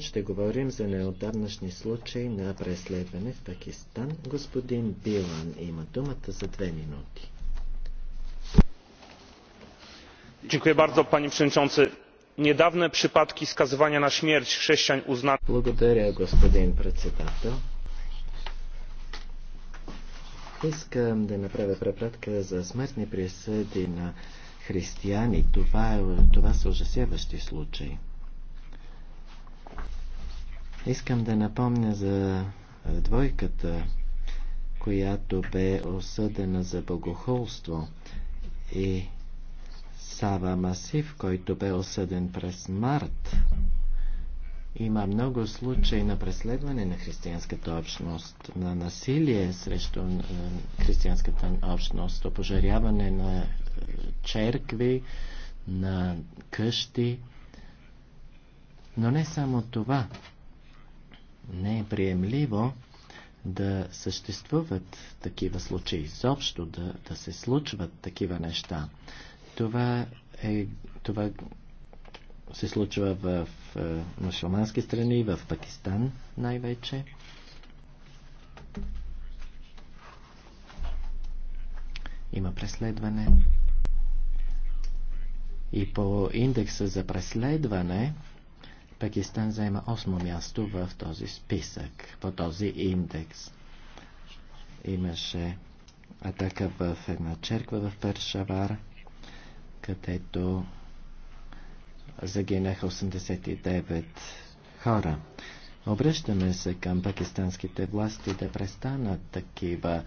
Ще говорим за неотдавнашни случаи на преследване в Пакистан. Господин Билан има думата за две минути. Dziękuję bardzo, panie przewodniczący. Niedawne przypadki skazywania na śmierć chrześcijan uznanych... Благодаря, господин председател. Искам да направя препратка за смъртни присъди на християни. Това, е, това са ужасяващи случаи. Искам да напомня за двойката, която бе осъдена за богохулство и Сава Масив, който бе осъден през март. Има много случаи на преследване на християнската общност, на насилие срещу християнската общност, опожаряване на черкви, на къщи. Но не само това. Не е приемливо да съществуват такива случаи, изобщо да, да се случват такива неща. Това, е, това се случва в, в е, мусулмански страни, в Пакистан най-вече. Има преследване. И по индекса за преследване Пакистан заема 8 място в този списък, по този индекс. Имаше атака в една черква в Першавар, където загинаха 89 хора. Обръщаме се към пакистанските власти да престанат такива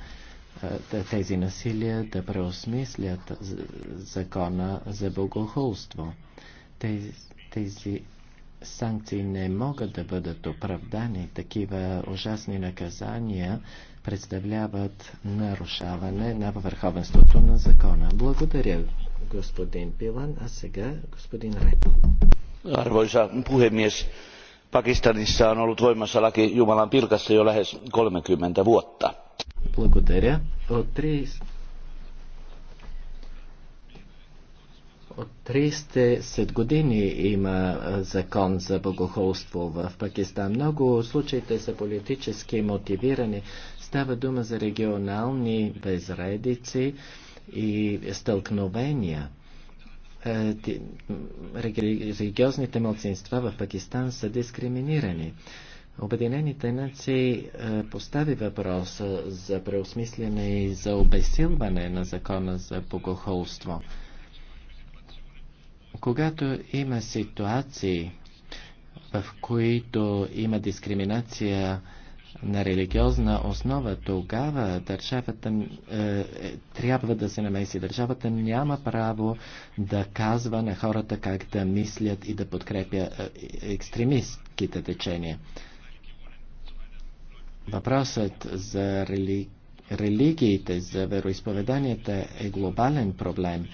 тези насилия, да преосмислят закона за богохулство. Тези, тези санкции не могат да бъдат оправдани. Такива ужасни наказания представляват нарушаване на върховенството на закона. Благодаря, господин Пилан. А сега господин Репо. Arvoisa puhemies, Pakistanissa on ollut voimassa laki Jumalan pilkasta jo lähes 30 vuotta. Благодаря. От От 30 години има закон за богохолство в Пакистан. Много случаите са политически мотивирани. Става дума за регионални безредици и стълкновения. Е, религиозните младсинства в Пакистан са дискриминирани. Обединените нации е, постави въпрос за преосмислене и за обесилване на закона за богохолство. Когато има ситуации, в които има дискриминация на религиозна основа, тогава държавата е, е, трябва да се намеси. Държавата няма право да казва на хората как да мислят и да подкрепя е, екстремистките течения. Въпросът за рели... религиите, за вероисповеданията е глобален проблем.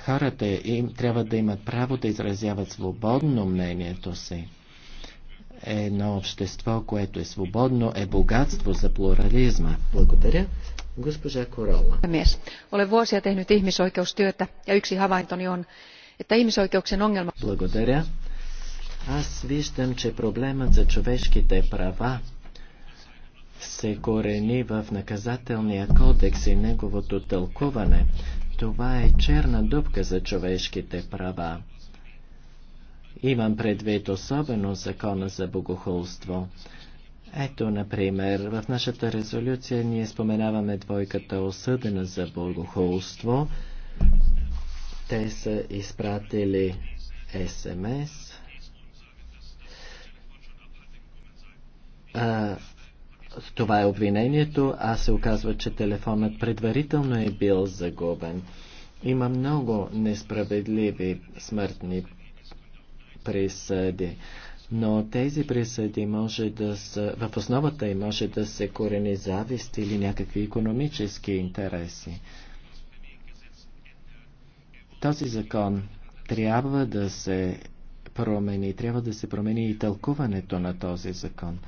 Хората им трябва да имат право да изразяват свободно мнението си. Едно общество, което е свободно, е богатство за плурализма. Благодаря. Госпожа Корола. Мес. Оле вуосия tehnyt ihmisoikeustyötä ja yksi havaintoni on, että ihmisoikeuksien ongelma... Благодаря. Аз виждам, че проблемът за човешките права се корени в наказателния кодекс и неговото тълкуване. Това е черна дупка за човешките права. Имам предвид особено закона за богохулство. Ето, например, в нашата резолюция ние споменаваме двойката осъдена за богохулство. Те са изпратили СМС това е обвинението, а се оказва, че телефонът предварително е бил загубен. Има много несправедливи смъртни присъди, но тези присъди може да са, в основата им може да се корени завист или някакви економически интереси. Този закон трябва да се промени, трябва да се промени и тълкуването на този закон.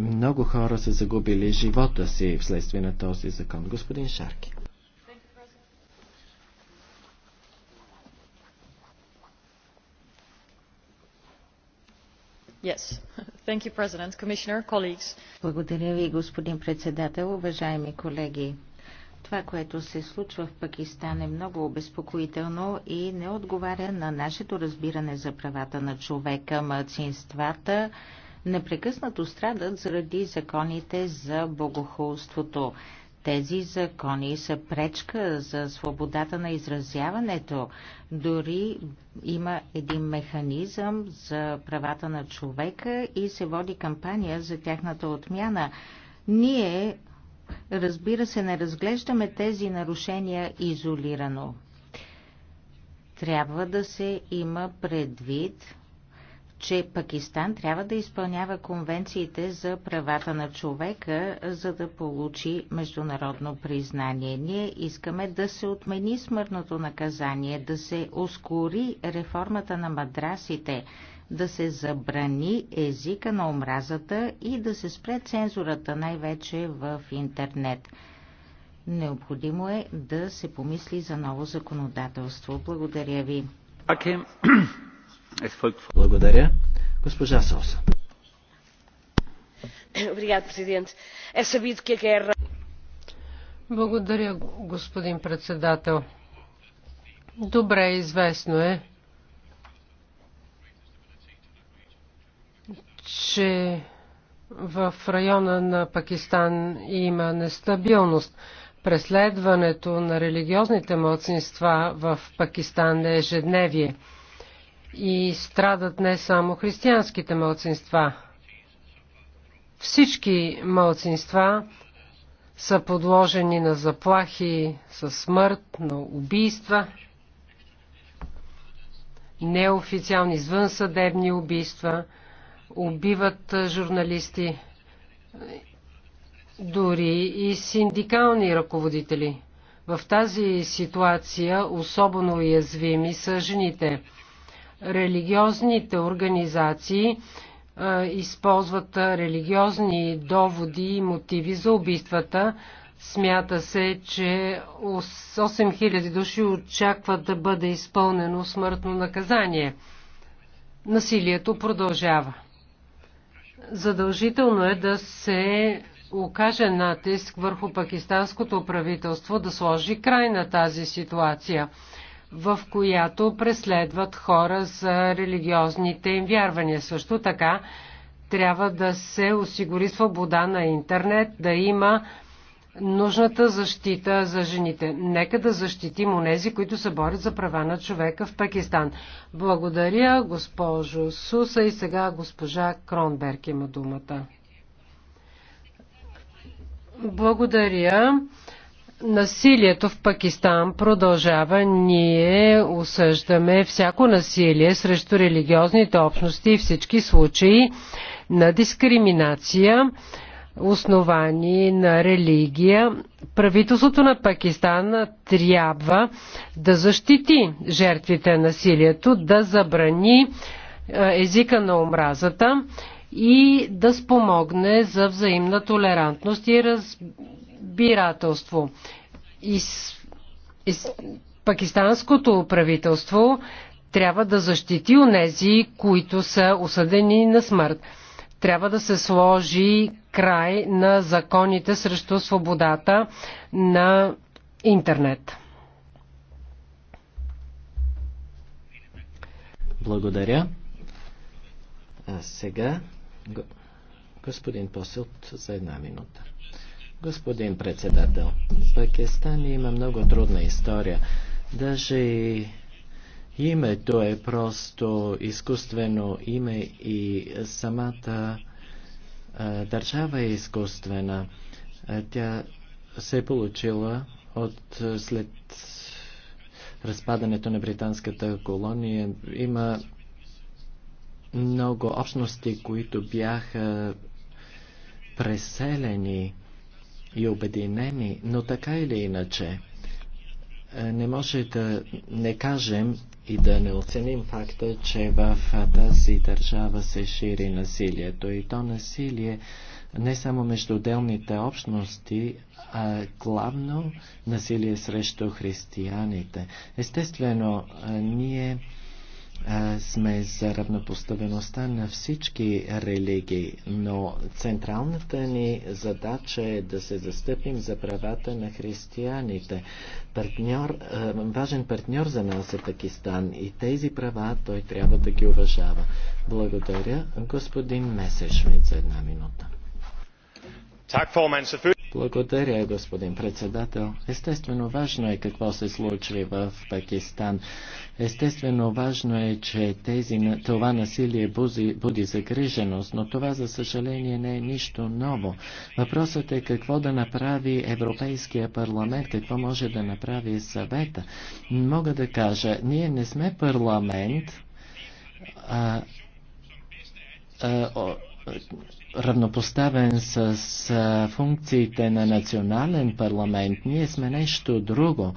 много хора са загубили живота си вследствие на този закон. Господин Шарки. Yes. You, Благодаря ви, господин председател, уважаеми колеги. Това, което се случва в Пакистан е много обезпокоително и не отговаря на нашето разбиране за правата на човека, младсинствата, непрекъснато страдат заради законите за богохулството. Тези закони са пречка за свободата на изразяването. Дори има един механизъм за правата на човека и се води кампания за тяхната отмяна. Ние, разбира се, не разглеждаме тези нарушения изолирано. Трябва да се има предвид че Пакистан трябва да изпълнява конвенциите за правата на човека, за да получи международно признание. Ние искаме да се отмени смъртното наказание, да се ускори реформата на мадрасите, да се забрани езика на омразата и да се спре цензурата най-вече в интернет. Необходимо е да се помисли за ново законодателство. Благодаря ви. Okay. Благодаря. Госпожа Благодаря, господин председател. Добре, известно е, че в района на Пакистан има нестабилност. Преследването на религиозните малцинства в Пакистан е ежедневие и страдат не само християнските мълцинства. Всички мълцинства са подложени на заплахи със смърт, на убийства, неофициални извънсъдебни убийства, убиват журналисти, дори и синдикални ръководители. В тази ситуация особено уязвими са жените – религиозните организации е, използват религиозни доводи и мотиви за убийствата. Смята се, че 8000 души очакват да бъде изпълнено смъртно наказание. Насилието продължава. Задължително е да се окаже натиск върху пакистанското правителство да сложи край на тази ситуация в която преследват хора за религиозните им вярвания. Също така трябва да се осигури свобода на интернет, да има нужната защита за жените. Нека да защитим онези, които се борят за права на човека в Пакистан. Благодаря, госпожо Суса и сега госпожа Кронберг има думата. Благодаря. Насилието в Пакистан продължава. Ние осъждаме всяко насилие срещу религиозните общности и всички случаи на дискриминация, основани на религия. Правителството на Пакистан трябва да защити жертвите на насилието, да забрани езика на омразата и да спомогне за взаимна толерантност и раз избирателство. Из, из, пакистанското правителство трябва да защити онези, които са осъдени на смърт. Трябва да се сложи край на законите срещу свободата на интернет. Благодаря. А сега господин Посилт за една минута. Господин председател, Пакистан има много трудна история. Даже и името е просто изкуствено име и самата а, държава е изкуствена. А, тя се е получила от след разпадането на британската колония. Има много общности, които бяха преселени и обединени, но така или иначе е, не може да не кажем и да не оценим факта, че в тази държава се шири насилието и то насилие не само между отделните общности, а главно насилие срещу християните. Естествено, е, ние сме за равнопоставеността на всички религии, но централната ни задача е да се застъпим за правата на християните. Партньор, важен партньор за нас е Пакистан и тези права той трябва да ги уважава. Благодаря, господин Месешмит, за една минута. Благодаря, господин председател. Естествено, важно е какво се случи в Пакистан. Естествено, важно е, че тези, това насилие бузи, буди загриженост, но това, за съжаление, не е нищо ново. Въпросът е какво да направи Европейския парламент, какво може да направи съвета. Мога да кажа, ние не сме парламент, а, а, равнопоставен с функциите на национален парламент. Ние сме нещо друго.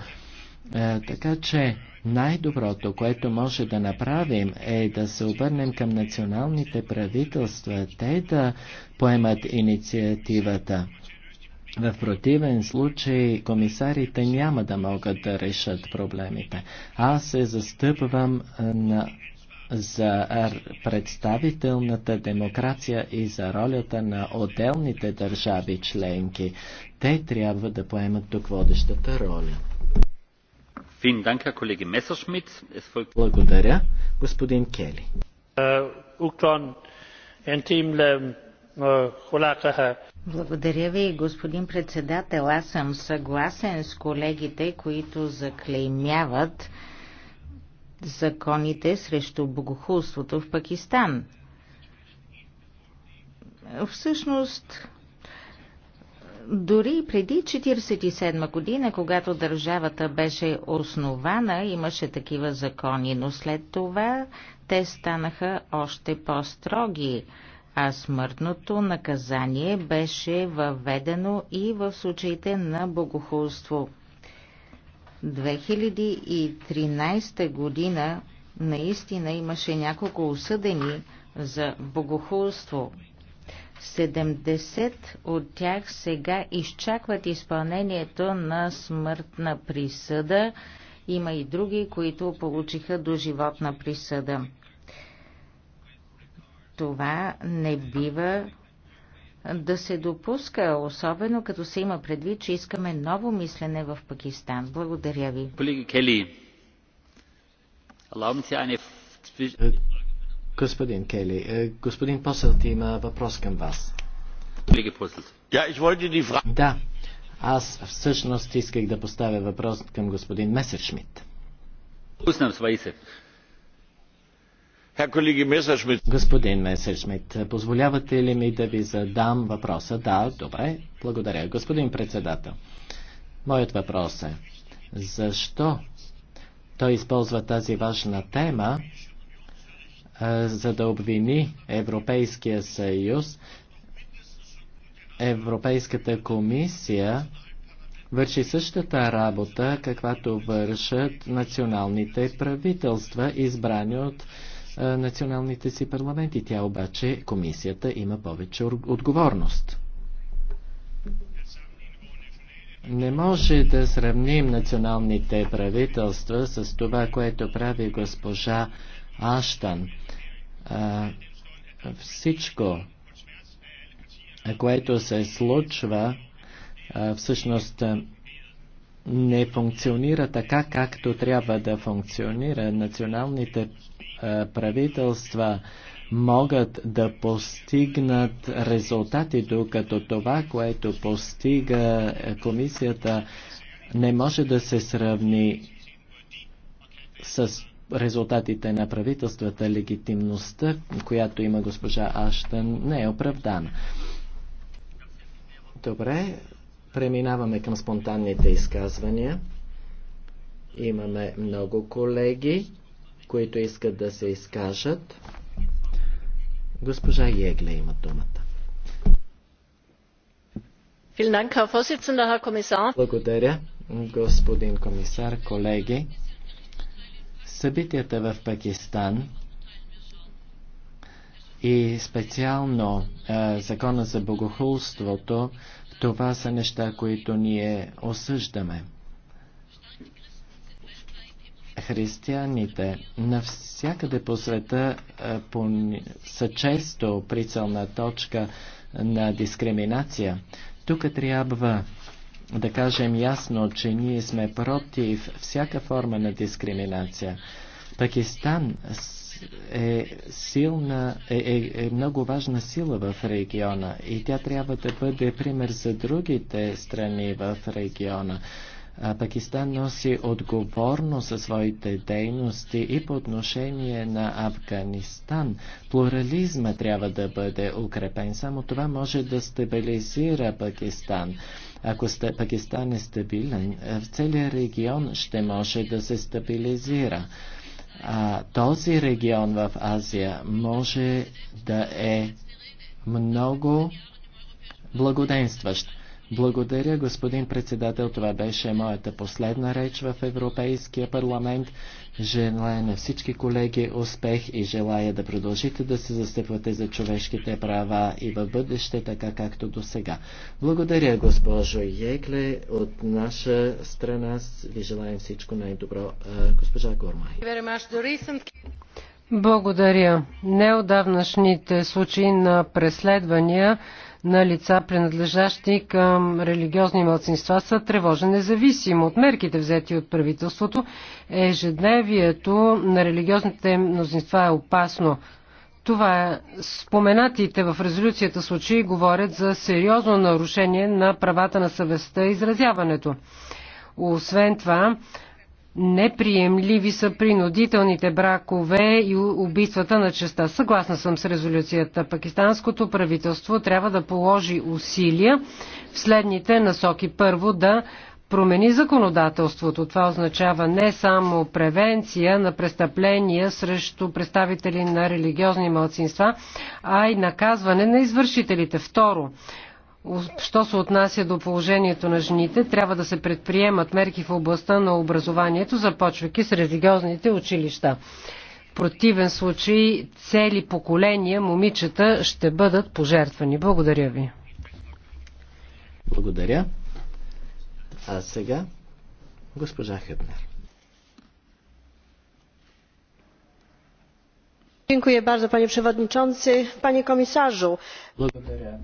Е, така че най-доброто, което може да направим е да се обърнем към националните правителства, те да поемат инициативата. В противен случай комисарите няма да могат да решат проблемите. Аз се застъпвам на за представителната демокрация и за ролята на отделните държави членки. Те трябва да поемат тук водещата роля. Благодаря, господин Кели. Е, е, Благодаря ви, господин председател. Аз съм съгласен с колегите, които заклеймяват законите срещу богохулството в Пакистан. Всъщност, дори преди 1947 година, когато държавата беше основана, имаше такива закони, но след това те станаха още по-строги, а смъртното наказание беше въведено и в случаите на богохулство. 2013 година наистина имаше няколко осъдени за богохулство. 70 от тях сега изчакват изпълнението на смъртна присъда. Има и други, които получиха доживотна присъда. Това не бива да се допуска, особено като се има предвид, че искаме ново мислене в Пакистан. Благодаря ви. Господин Кели, е, господин Поселт има въпрос към вас. Да, аз всъщност исках да поставя въпрос към господин Месершмит. Господин Месершмит, позволявате ли ми да ви задам въпроса? Да, добре. Благодаря. Господин председател, моят въпрос е, защо той използва тази важна тема, е, за да обвини Европейския съюз, Европейската комисия върши същата работа, каквато вършат националните правителства, избрани от националните си парламенти. Тя обаче, комисията, има повече отговорност. Не може да сравним националните правителства с това, което прави госпожа Аштан. А, всичко, което се случва, а, всъщност не функционира така, както трябва да функционира. Националните е, правителства могат да постигнат резултати, докато това, което постига комисията, не може да се сравни с резултатите на правителствата, легитимността, която има госпожа Аштън, не е оправдана. Добре, преминаваме към спонтанните изказвания. Имаме много колеги които искат да се изкажат. Госпожа Егле има думата. Благодаря, господин комисар, колеги. Събитията в Пакистан и специално е, закона за богохулството, това са неща, които ние осъждаме християните навсякъде по света са често прицелна точка на дискриминация. Тук трябва да кажем ясно, че ние сме против всяка форма на дискриминация. Пакистан е, силна, е, е, е много важна сила в региона и тя трябва да бъде пример за другите страни в региона. Пакистан носи отговорност за своите дейности и по отношение на Афганистан. Плурализма трябва да бъде укрепен. Само това може да стабилизира Пакистан. Ако Пакистан е стабилен, в е, целия регион ще може да се стабилизира. А, този регион в Азия може да е много благоденстващ. Благодаря, господин председател. Това беше моята последна реч в Европейския парламент. Желая на всички колеги успех и желая да продължите да се застъпвате за човешките права и в бъдеще, така както до сега. Благодаря, госпожо Екле. От наша страна ви желаем всичко най-добро. Госпожа Гормай. Благодаря. Неодавнашните случаи на преследвания на лица, принадлежащи към религиозни младсинства, са тревожен независимо от мерките взети от правителството. Ежедневието на религиозните мнозинства е опасно. Това е. Споменатите в резолюцията случаи говорят за сериозно нарушение на правата на съвестта и изразяването. Освен това, Неприемливи са принудителните бракове и убийствата на честа. Съгласна съм с резолюцията. Пакистанското правителство трябва да положи усилия в следните насоки. Първо да промени законодателството. Това означава не само превенция на престъпления срещу представители на религиозни малцинства, а и наказване на извършителите. Второ, Що се отнася до положението на жените, трябва да се предприемат мерки в областта на образованието, започвайки с религиозните училища. В противен случай цели поколения момичета ще бъдат пожертвани. Благодаря ви. Благодаря. А сега госпожа Хебнер. Dziękuję bardzo, panie przewodniczący, panie komisarzu. Благодаря.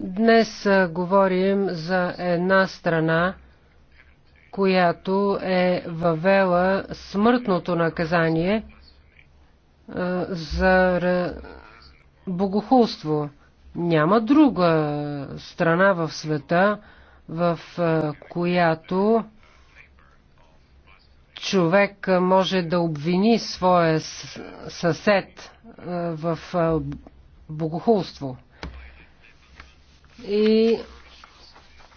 Днес говорим за една страна, която е въвела смъртното наказание за богохулство. Няма друга страна в света, в която човек може да обвини своя съсед в богохулство и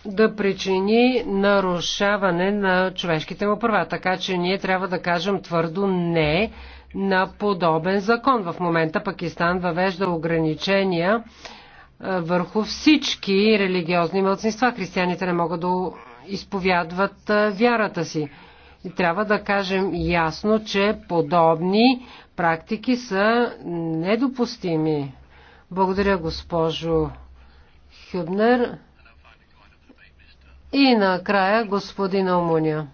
да причини нарушаване на човешките му права. Така че ние трябва да кажем твърдо не на подобен закон. В момента Пакистан въвежда ограничения върху всички религиозни мълцинства. Християните не могат да изповядват вярата си. И трябва да кажем ясно, че подобни практики са недопустими. Благодаря, госпожо Хюбнер и накрая господин Омуния.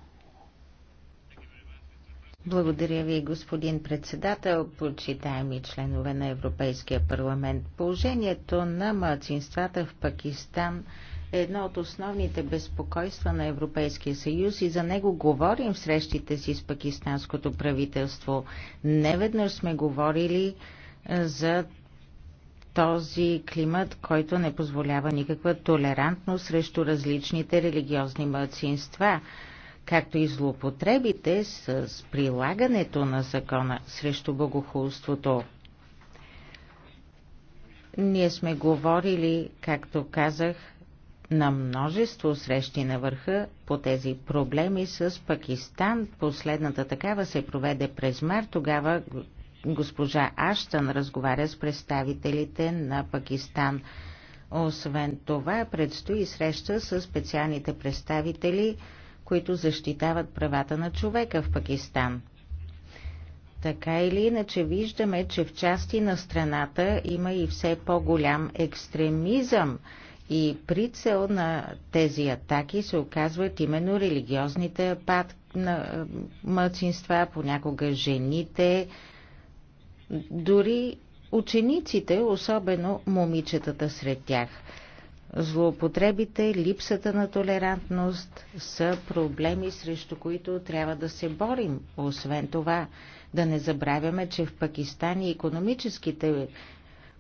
Благодаря ви, господин председател, почитаеми членове на Европейския парламент. Положението на младсинствата в Пакистан е едно от основните безпокойства на Европейския съюз и за него говорим в срещите си с пакистанското правителство. Неведнъж сме говорили за този климат, който не позволява никаква толерантност срещу различните религиозни младсинства, както и злоупотребите с прилагането на закона срещу богохулството. Ние сме говорили, както казах, на множество срещи на върха по тези проблеми с Пакистан. Последната такава се проведе през март. Тогава госпожа Аштън разговаря с представителите на Пакистан. Освен това, предстои среща с специалните представители, които защитават правата на човека в Пакистан. Така или иначе виждаме, че в части на страната има и все по-голям екстремизъм и прицел на тези атаки се оказват именно религиозните пад на мълцинства, понякога жените, дори учениците, особено момичетата сред тях. Злоупотребите, липсата на толерантност са проблеми, срещу които трябва да се борим. Освен това, да не забравяме, че в Пакистан и економическите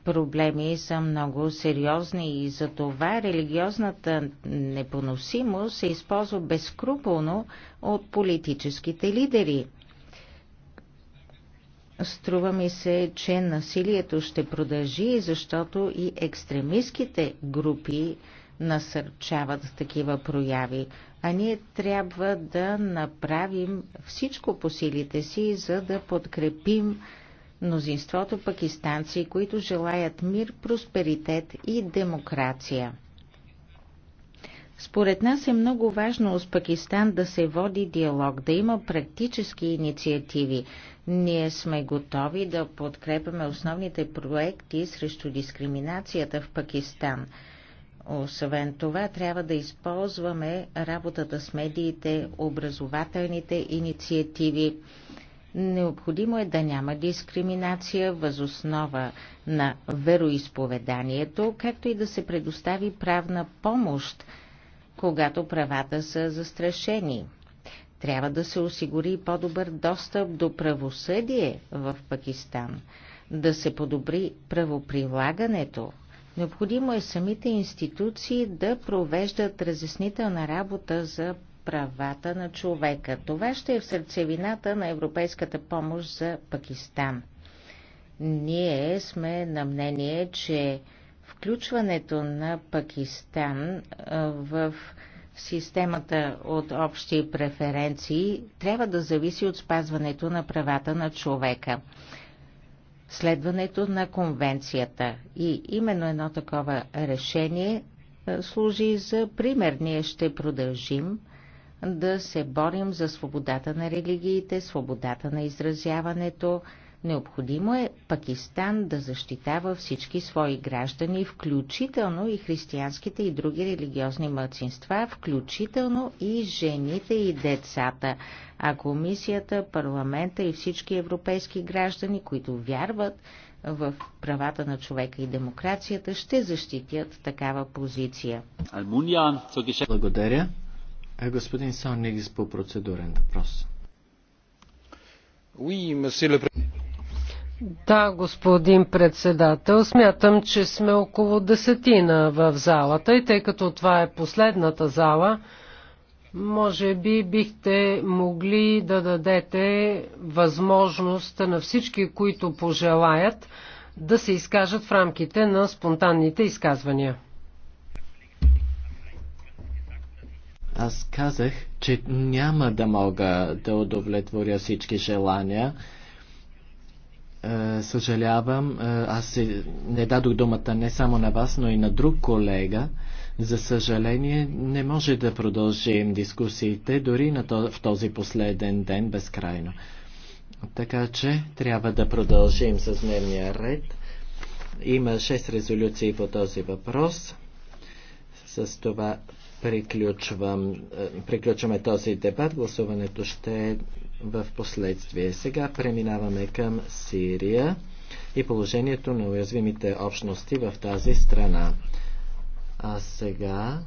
проблеми са много сериозни и за това религиозната непоносимост се използва безкруполно от политическите лидери. Струва ми се, че насилието ще продължи, защото и екстремистските групи насърчават такива прояви, а ние трябва да направим всичко по силите си, за да подкрепим мнозинството пакистанци, които желаят мир, просперитет и демокрация. Според нас е много важно с Пакистан да се води диалог, да има практически инициативи. Ние сме готови да подкрепяме основните проекти срещу дискриминацията в Пакистан. Освен това, трябва да използваме работата с медиите, образователните инициативи. Необходимо е да няма дискриминация възоснова на вероисповеданието, както и да се предостави правна помощ, когато правата са застрашени. Трябва да се осигури по-добър достъп до правосъдие в Пакистан, да се подобри правоприлагането. Необходимо е самите институции да провеждат разяснителна работа за правата на човека. Това ще е в сърцевината на европейската помощ за Пакистан. Ние сме на мнение, че включването на Пакистан в Системата от общи преференции трябва да зависи от спазването на правата на човека, следването на конвенцията. И именно едно такова решение е, служи за пример. Ние ще продължим да се борим за свободата на религиите, свободата на изразяването, Необходимо е Пакистан да защитава всички свои граждани, включително и християнските и други религиозни младсинства, включително и жените и децата. А комисията, парламента и всички европейски граждани, които вярват в правата на човека и демокрацията, ще защитят такава позиция. Благодаря. Господин Сонникс по процедурен въпрос. Oui, да, господин председател, смятам, че сме около десетина в залата и тъй като това е последната зала, може би бихте могли да дадете възможност на всички, които пожелаят, да се изкажат в рамките на спонтанните изказвания. Аз казах, че няма да мога да удовлетворя всички желания. Е, съжалявам, е, аз не дадох думата не само на вас, но и на друг колега. За съжаление, не може да продължим дискусиите дори на то, в този последен ден безкрайно. Така че трябва да продължим с дневния ред. Има 6 резолюции по този въпрос. С това приключвам, е, приключваме този дебат. Гласуването ще е в последствие. Сега преминаваме към Сирия и положението на уязвимите общности в тази страна. А сега